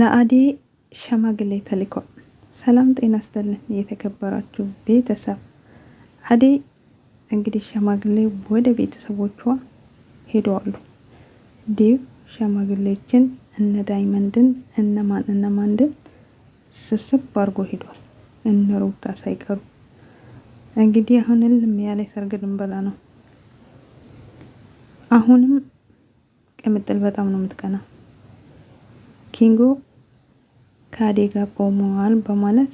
ለአዴ ሸማግሌ ተልኳል። ሰላም ጤና ይስጥልን የተከበራችሁ ቤተሰብ። አዴ እንግዲህ ሸማግሌ ወደ ቤተሰቦቿ ሄደዋሉ። ዴቭ ሸማግሌዎችን እነ ዳይመንድን እነማን እነማንድን ስብስብ አድርጎ ሄዷል። እነ ሩታ ሳይቀሩ እንግዲህ አሁን እልም ያለ ሰርግ ድንበላ ነው። አሁንም ቅምጥል በጣም ነው የምትቀናው። ኪንጎ ከአዴ ጋር ቆመዋል በማለት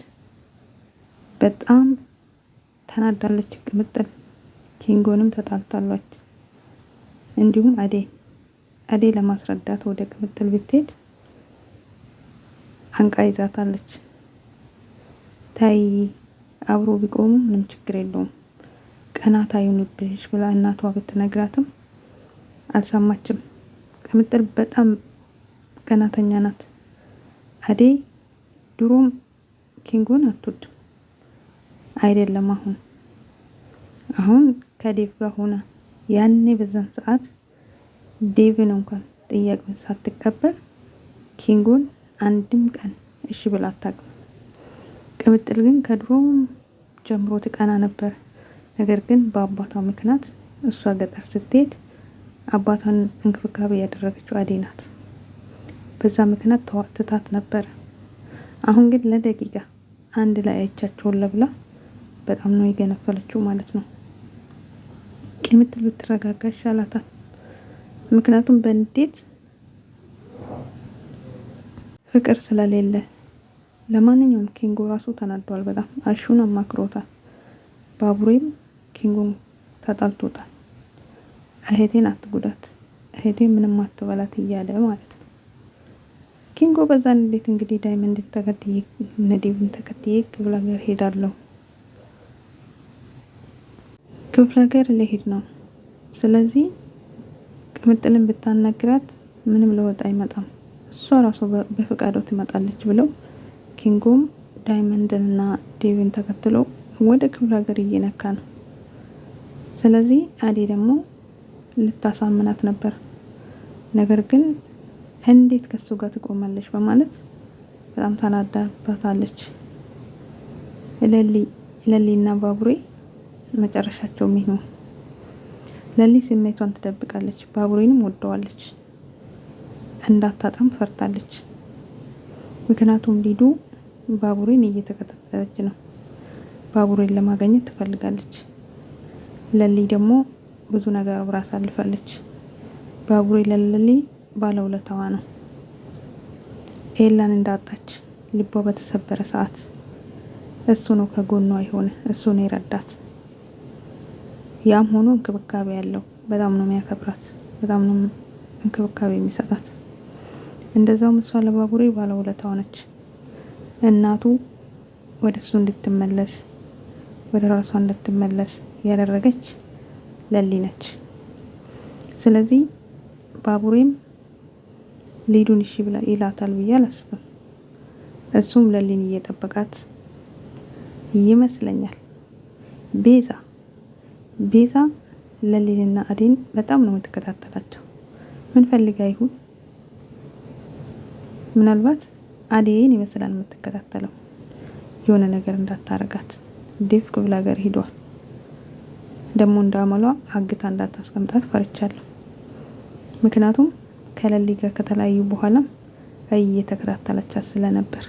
በጣም ተናዳለች። ቅምጥል ኪንጎንም ተጣልታለች። እንዲሁም አዴ አዴ ለማስረዳት ወደ ቅምጥል ብትሄድ አንቃ ይዛታለች። ታይ አብሮ ቢቆሙ ምንም ችግር የለውም ቀናት አይኑብሽ ብላ እናቷ ብትነግራትም አልሰማችም። ቅምጥል በጣም ቀናተኛ ናት። አዴ ድሮም ኪንጉን አትወድም አይደለም አሁን አሁን ከዴቭ ጋር ሆነ ያኔ በዛን ሰዓት ዴቭን እንኳን ጥያቄውን ሳትቀበል ኪንጉን አንድም ቀን እሺ ብላ አታውቅም። ቅምጥል ግን ከድሮም ጀምሮ ትቀና ነበር። ነገር ግን በአባቷ ምክንያት እሷ ገጠር ስትሄድ አባቷን እንክብካቤ ያደረገችው አዴ ናት። በዛ ምክንያት ተዋትታት ነበረ። አሁን ግን ለደቂቃ አንድ ላይ አይቻቸውን ለብላ በጣም ነው የገነፈለችው ማለት ነው። ቅምጥል ብትረጋጋ ይሻላታል። ምክንያቱም በንዴት ፍቅር ስለሌለ ለማንኛውም ኪንጎ ራሱ ተናዷል። በጣም አሹን አማክሮታል። ባቡሬም ኪንጎን ተጣልቶታል። እህቴን አትጉዳት፣ እህቴ ምንም አትበላት እያለ ማለት ነው። ኪንጎ በዛን እንዴት እንግዲህ ዳይመንድ ተከትዬ ነዲብን ተከትዬ ክፍለ ሀገር ሄዳለሁ። ክፍለ ሀገር ልሄድ ነው። ስለዚህ ቅምጥልን ብታናግራት ምንም ለውጥ አይመጣም፣ እሷ ራሱ በፈቃዷ ትመጣለች ብለው ኪንጎም ዳይመንድንና ዴቪን ተከትሎ ወደ ክፍለ ሀገር እየነካ ነው። ስለዚህ አዴ ደግሞ ልታሳምናት ነበር ነገር ግን እንዴት ከሱ ጋር ትቆማለች በማለት በጣም ታናዳባታለች። ለሊ ለሊና ባቡሬ መጨረሻቸው ምን ነው? ለሊ ስሜቷን ትደብቃለች። ባቡሬንም ወደዋለች። እንዳታጣም ፈርታለች። ምክንያቱም ሊዱ ባቡሬን እየተከታተለች ነው። ባቡሬን ለማገኘት ትፈልጋለች። ለሊ ደግሞ ብዙ ነገር አብራ አሳልፋለች። ባቡሬ ለሊ ባለውለታዋ ነው። ኤላን እንዳጣች ልቧ በተሰበረ ሰዓት እሱ ነው ከጎኗ የሆነ፣ እሱ ነው የረዳት። ያም ሆኖ እንክብካቤ ያለው በጣም ነው የሚያከብራት፣ በጣም ነው እንክብካቤ የሚሰጣት። እንደዛውም እሷ ለባቡሬ ባለውለታዋ ነች። እናቱ ወደ እሱ እንድትመለስ ወደ ራሷ እንድትመለስ ያደረገች ለሊ ነች። ስለዚህ ባቡሬም ሊዱን እሺ ብላ ይላታል ብዬ አላስብም። እሱም ለሊን እየጠበቃት ይመስለኛል። ቤዛ ቤዛ ለሊንና አዴን በጣም ነው የምትከታተላቸው። ምን ፈልጋ ይሁን ምናልባት አዴን ይመስላል የምትከታተለው የሆነ ነገር እንዳታረጋት ዴፍ ብላ ሀገር ሂዷል። ደግሞ እንዳመሏ አግታ እንዳታስቀምጣት ፈርቻለሁ። ምክንያቱም ከለሊ ጋር ከተለያዩ በኋላ እየተከታተለቻት ስለነበር